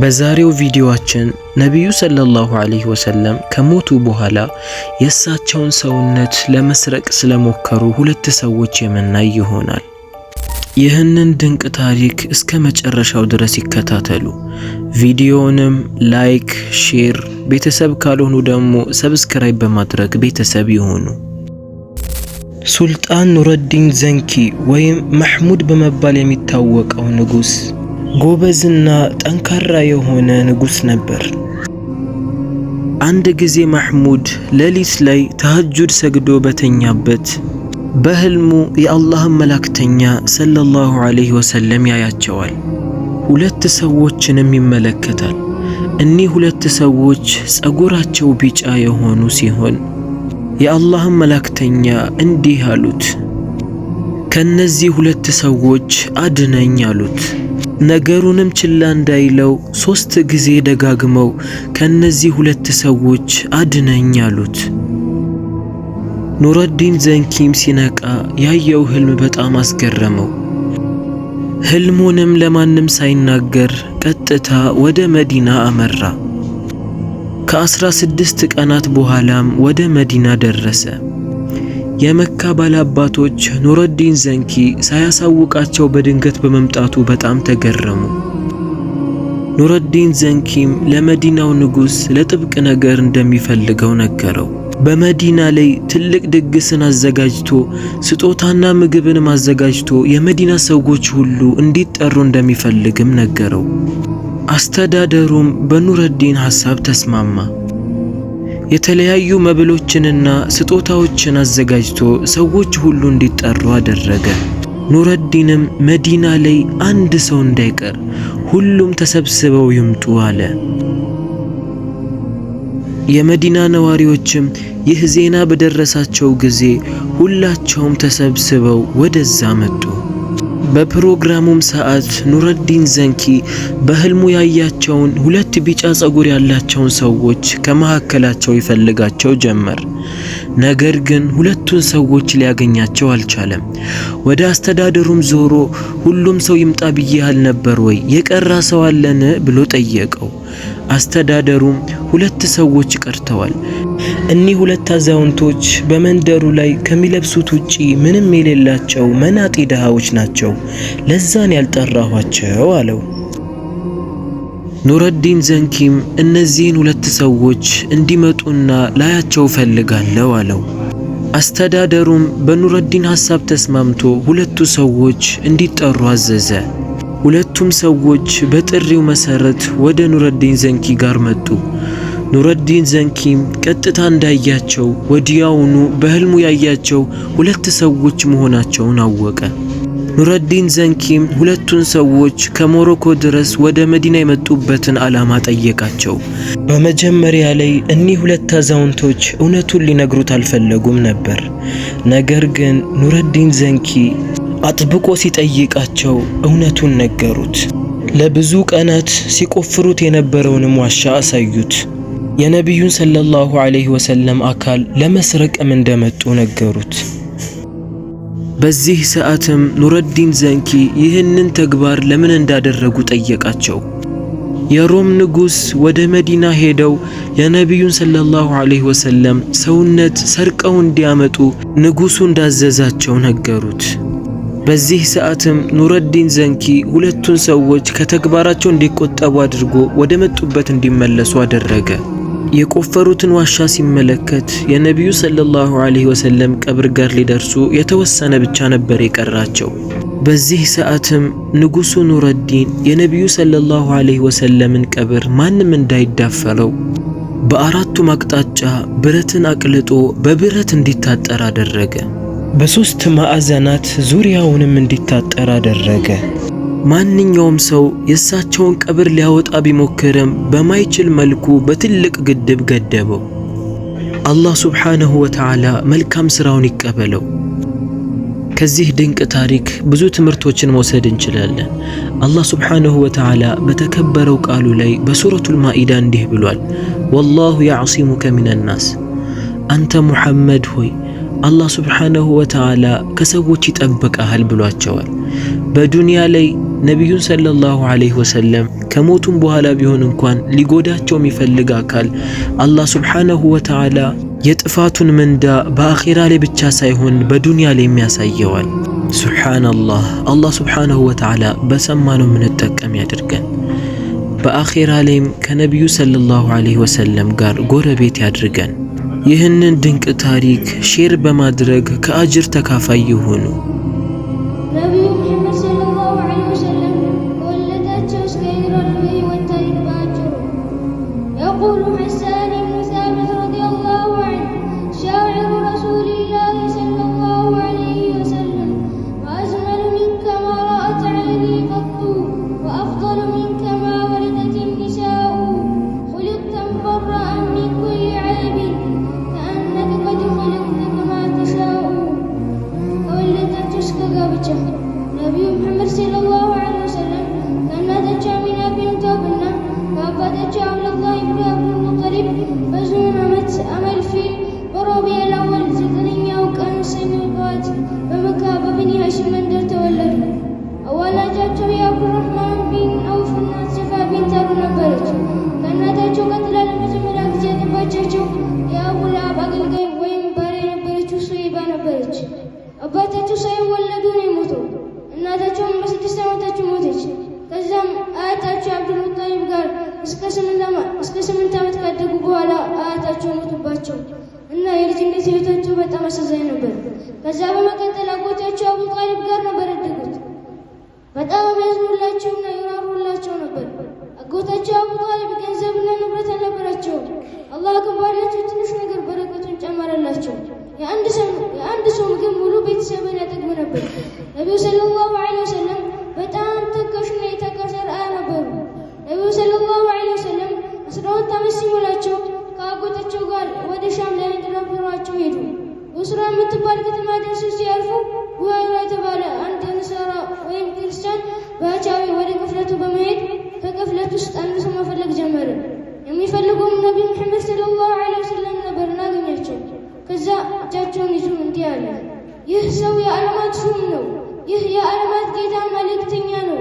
በዛሬው ቪዲዮአችን ነቢዩ ሰለላሁ ዐለይሂ ወሰለም ከሞቱ በኋላ የእሳቸውን ሰውነት ለመስረቅ ስለሞከሩ ሁለት ሰዎች የምናይ ይሆናል። ይህንን ድንቅ ታሪክ እስከ መጨረሻው ድረስ ይከታተሉ። ቪዲዮውንም ላይክ፣ ሼር፣ ቤተሰብ ካልሆኑ ደግሞ ሰብስክራይብ በማድረግ ቤተሰብ ይሆኑ። ሱልጣን ኑረዲን ዘንኪ ወይም መሕሙድ በመባል የሚታወቀው ንጉሥ ጎበዝና ጠንካራ የሆነ ንጉስ ነበር። አንድ ጊዜ ማህሙድ ሌሊት ላይ ተሐጁድ ሰግዶ በተኛበት በህልሙ የአላህን መላእክተኛ ሰለላሁ ዐለይሂ ወሰለም ያያቸዋል። ሁለት ሰዎችንም ይመለከታል። እኒህ ሁለት ሰዎች ጸጉራቸው ቢጫ የሆኑ ሲሆን የአላህን መላእክተኛ እንዲህ አሉት፣ ከነዚህ ሁለት ሰዎች አድነኝ አሉት። ነገሩንም ችላ እንዳይለው ሦስት ጊዜ ደጋግመው ከእነዚህ ሁለት ሰዎች አድነኝ አሉት። ኑረዲን ዘንኪም ሲነቃ ያየው ህልም በጣም አስገረመው። ህልሙንም ለማንም ሳይናገር ቀጥታ ወደ መዲና አመራ። ከአስራ ስድስት ቀናት በኋላም ወደ መዲና ደረሰ። የመካ ባላባቶች ኑረዲን ዘንኪ ሳያሳውቃቸው በድንገት በመምጣቱ በጣም ተገረሙ። ኑረዲን ዘንኪም ለመዲናው ንጉሥ ለጥብቅ ነገር እንደሚፈልገው ነገረው። በመዲና ላይ ትልቅ ድግስን አዘጋጅቶ ስጦታና ምግብንም አዘጋጅቶ የመዲና ሰዎች ሁሉ እንዲጠሩ እንደሚፈልግም ነገረው። አስተዳደሩም በኑረዲን ሐሳብ ተስማማ። የተለያዩ መብሎችንና ስጦታዎችን አዘጋጅቶ ሰዎች ሁሉ እንዲጠሩ አደረገ። ኑረዲንም መዲና ላይ አንድ ሰው እንዳይቀር ሁሉም ተሰብስበው ይምጡ አለ። የመዲና ነዋሪዎችም ይህ ዜና በደረሳቸው ጊዜ ሁላቸውም ተሰብስበው ወደዛ መጡ። በፕሮግራሙም ሰዓት ኑረዲን ዘንኪ በህልሙ ያያቸውን ሁለት ቢጫ ጸጉር ያላቸውን ሰዎች ከመካከላቸው ይፈልጋቸው ጀመር። ነገር ግን ሁለቱን ሰዎች ሊያገኛቸው አልቻለም። ወደ አስተዳደሩም ዞሮ ሁሉም ሰው ይምጣ ብዬ አልነበር ወይ? የቀራ ሰው አለን ብሎ ጠየቀው። አስተዳደሩም ሁለት ሰዎች ቀርተዋል፣ እኒህ ሁለት አዛውንቶች በመንደሩ ላይ ከሚለብሱት ውጪ ምንም የሌላቸው መናጢ ድሃዎች ናቸው። ለዛን ያልጠራኋቸው አለው። ኑረዲን ዘንኪም እነዚህን ሁለት ሰዎች እንዲመጡና ላያቸው ፈልጋለሁ አለው። አስተዳደሩም በኑረዲን ሐሳብ ተስማምቶ ሁለቱ ሰዎች እንዲጠሩ አዘዘ። ሁለቱም ሰዎች በጥሪው መሰረት ወደ ኑረዲን ዘንኪ ጋር መጡ። ኑረዲን ዘንኪም ቀጥታ እንዳያቸው ወዲያውኑ በህልሙ ያያቸው ሁለት ሰዎች መሆናቸውን አወቀ። ኑረዲን ዘንኪም ሁለቱን ሰዎች ከሞሮኮ ድረስ ወደ መዲና የመጡበትን ዓላማ ጠየቃቸው። በመጀመሪያ ላይ እኒህ ሁለት አዛውንቶች እውነቱን ሊነግሩት አልፈለጉም ነበር። ነገር ግን ኑረዲን ዘንኪ አጥብቆ ሲጠይቃቸው እውነቱን ነገሩት። ለብዙ ቀናት ሲቆፍሩት የነበረውንም ዋሻ አሳዩት። የነቢዩን ሰለላሁ ዐለይሂ ወሰለም አካል ለመስረቅም እንደመጡ ነገሩት። በዚህ ሰዓትም ኑረዲን ዘንኪ ይህንን ተግባር ለምን እንዳደረጉ ጠየቃቸው። የሮም ንጉሥ ወደ መዲና ሄደው የነቢዩን ሰለላሁ ዐለይሂ ወሰለም ሰውነት ሰርቀው እንዲያመጡ ንጉሡ እንዳዘዛቸው ነገሩት። በዚህ ሰዓትም ኑረዲን ዘንኪ ሁለቱን ሰዎች ከተግባራቸው እንዲቆጠቡ አድርጎ ወደ መጡበት እንዲመለሱ አደረገ። የቆፈሩትን ዋሻ ሲመለከት የነቢዩ ሰለላሁ ዐለይሂ ወሰለም ቀብር ጋር ሊደርሱ የተወሰነ ብቻ ነበር የቀራቸው። በዚህ ሰዓትም ንጉሡ ኑረዲን የነቢዩ ሰለላሁ ዐለይሂ ወሰለምን ቀብር ማንም እንዳይዳፈረው በአራቱም አቅጣጫ ብረትን አቅልጦ በብረት እንዲታጠር አደረገ። በሦስት ማዕዘናት ዙሪያውንም እንዲታጠር አደረገ። ማንኛውም ሰው የእሳቸውን ቀብር ሊያወጣ ቢሞክርም በማይችል መልኩ በትልቅ ግድብ ገደበው። አላህ ሱብሓነሁ ወተዓላ መልካም ሥራውን ይቀበለው። ከዚህ ድንቅ ታሪክ ብዙ ትምህርቶችን መውሰድ እንችላለን። አላህ ሱብሓነሁ ወተዓላ በተከበረው ቃሉ ላይ በሱረቱል ማኢዳ እንዲህ ብሏል፣ ወላሁ ያዕሲሙከ ሚነናስ አንተ ሙሐመድ ሆይ አላህ ሱብሓነሁ ወተዓላ ከሰዎች ይጠብቀሃል ብሏቸዋል። በዱንያ ላይ ነቢዩን ሰለላሁ ዐለይሂ ወሰለም ከሞቱም በኋላ ቢሆን እንኳን ሊጎዳቸው የሚፈልግ አካል አላህ ሱብሓነሁ ወተዓላ የጥፋቱን ምንዳ በአኼራ ላይ ብቻ ሳይሆን በዱንያ ላይ የሚያሳየዋል። ሱብሓነላህ። አላህ ሱብሓነሁ ወተዓላ በሰማነው የምንጠቀም ያድርገን። በአኼራ ላይም ከነቢዩ ሰለላሁ ዐለይሂ ወሰለም ጋር ጎረቤት ያድርገን። ይህንን ድንቅ ታሪክ ሼር በማድረግ ከአጅር ተካፋይ ይሁኑ። እስከ ስምንት ዓመት ካደጉ በኋላ አያታቸው ሞቱባቸው እና የልጅነት ህይወታቸው በጣም አሳዛኝ ነበር። ከዛ በመቀጠል አጎታቸው አቡ ጣሊብ ጋር ነበር ያደጉት። በጣም የሚያዝኑላቸው እና ይራሩላቸው ነበር። አጎታቸው አቡ ጣሊብ ገንዘብና ንብረት አልነበራቸው። አላህ ግን ባላቸው ትንሽ ነገር በረከቱን ጨመረላቸው። የአንድ ሰው ምግብ ሙሉ ቤተሰብን ያጠግብ ነበር። ነቢዩ ሰለላሁ ይህ ሰው የዓለማት ሹም ነው። ይህ የዓለማት ጌታ መልእክተኛ ነው።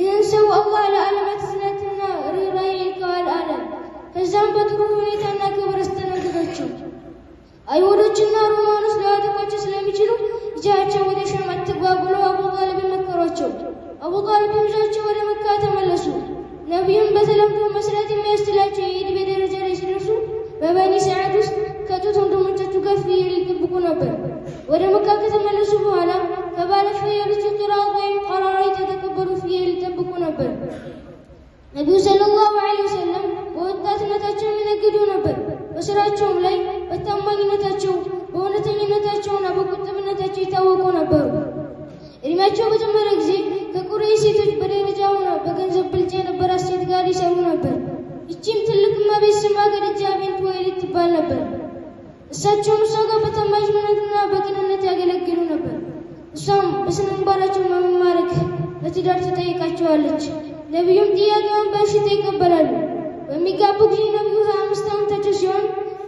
ይህን ሰው አላህ ለዓለማት እዝነትና ርኅራኄ ይልከዋል አለ። ከዛም በጥሩ ሁኔታና ክብር አስተናገዳቸው። አይሁዶችና ሮማኖች ሊያጠቋቸው ስለሚችሉ ይዛቸው ወደ ሻም አትግባ ብለው አቡጣልብን መከሯቸው። አቡጣልብን ይዟቸው ወደ መካ ተመለሱ። ነቢዩም በተለምዶ መስራት የሚያስችላቸው የዕድሜ ደረጃ ላይ ሲደርሱ በበኒ ነበር። ወደ መካ ከተመለሱ በኋላ ከባለ ፍየሎቹ ቂራጥ ወይም ቀራራ የተተከበሩ ፍየል ይጠብቁ ነበር። ነቢዩ ሰለላሁ ዐለይሂ ወሰለም በወጣትነታቸው የሚነግዱ ነበር። በስራቸውም ላይ በታማኝነታቸው በእውነተኝነታቸውና በቁጥብነታቸው ይታወቁ ነበሩ። እድሜያቸው በጀመረ ጊዜ ከቁረይሽ ሴቶች በደረጃ ሆና በገንዘብ ብልጫ ነበር ሴት ጋር ይሰሩ ነበር። ይቺም ትልቅ እመቤት ስሟ ኸዲጃ ቢንት ኹወይሊድ ትባል ነበር። እሳቸውም እሷ ጋር በታማኝነትና በቅንነት ያገለግሉ ነበር። እሷም በስነ ምግባራቸው መማረክ ለትዳር ትጠይቃቸዋለች። ነቢዩም ጥያቄውን በእሽታ ይቀበላሉ። በሚጋቡ ጊዜ ነቢዩ ሀያ አምስት ዓመታቸው ሲሆን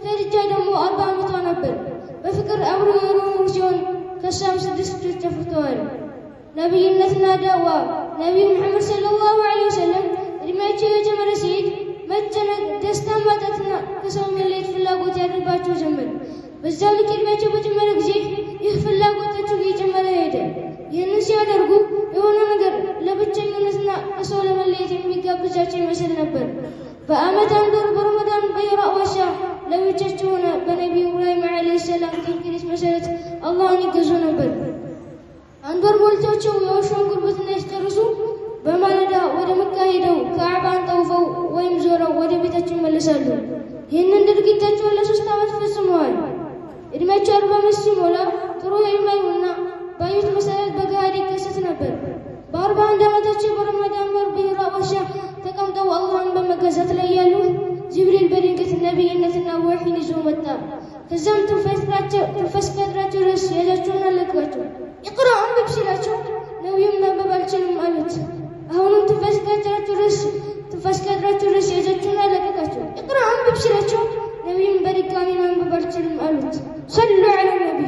ኸዲጃ ደግሞ አርባ ዓመቷ ነበር። በፍቅር አብሮ የኖሩ ሲሆን ከእሷም ስድስት ልጆች ተፈተዋል። ነቢይነትና ዳዋ ነቢዩ መሐመድ ሰለላሁ ዐለይሂ ወሰለም እድሜያቸው የጨመረ ሲሄድ መጨነቅ፣ ደስታ ማጣትና ከሰው መለየት ፍላጎት ያድርባቸው ጀመር። በዛ ልክ ዕድሜያቸው በጨመረ ጊዜ ይህ ፍላጎታቸው እየጨመረ ሄደ። ይህንን ሲያደርጉ የሆነ ነገር ለብቸኝነትና ከሰው ለመለየት የሚጋብዛቸው ይመስል ነበር። በአመት አንድ ወር በረመዳን በሂራእ ዋሻ ለብቻቸው ሆነ በነቢዩ ኢብራሂም ዓለይሂ ሰላም ትንክሪት መሰረት አላህን ይገዙ ነበር። አንድ ወር ሞልቷቸው የውሻን በማለዳ ሄደው ከዕባን ጠውፈው ወይም ዞረው ወደ ቤታቸው ይመለሳሉ። ይህንን ድርጊታቸውን ለሶስት ዓመት ፈጽመዋል። ዕድሜያቸው አርባ አምስት ሲሞላ ጥሩ የማይሆንና ባዩት መሰረት በገሃድ ይከሰት ነበር። በአርባ አንድ ዓመታቸው በረመዳን ወር በሂራ አባሻ ተቀምጠው አላህን በመገዛት ላይ ያሉ ጅብሪል በድንገት ነቢይነትና ወሒን ይዞ መጣ። ከዛም ትንፋሽ ፈጥራቸው ድረስ ያዛቸውን አለቃቸው። ትንፋሽ ከድራቸው ድረስ ያዛቸውና ለቀቃቸው። እቅራም በብሽራቸው ነቢይም በድጋሚ ማንበብ አልችልም አሉት። ሰሉ ዐለ ነቢ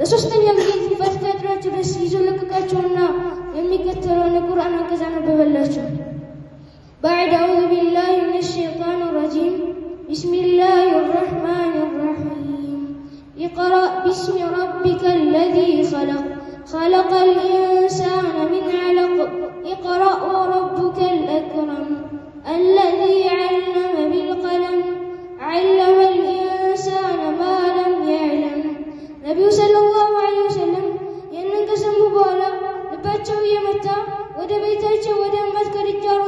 ለሶስተኛ ጊዜ ትንፋሽ ከድራቸው ድረስ ይዞ ለቀቃቸውና የሚከተለውን የቁርአን አንቀጽ አነበበላቸው። بعد أعوذ بالله من الشيطان الرجيم بسم الله الرحمن الرحيم اقرأ باسم ربك الذي خلق خلق الإنسان من علق اقرأ وربك الأكرم الذي علم بالقلم علم الإنسان ما لم يعلم نبي صلى الله عليه وسلم ينقسم مبالا نباتشو يمتا ودبيتاتشو ودنبات كريتشو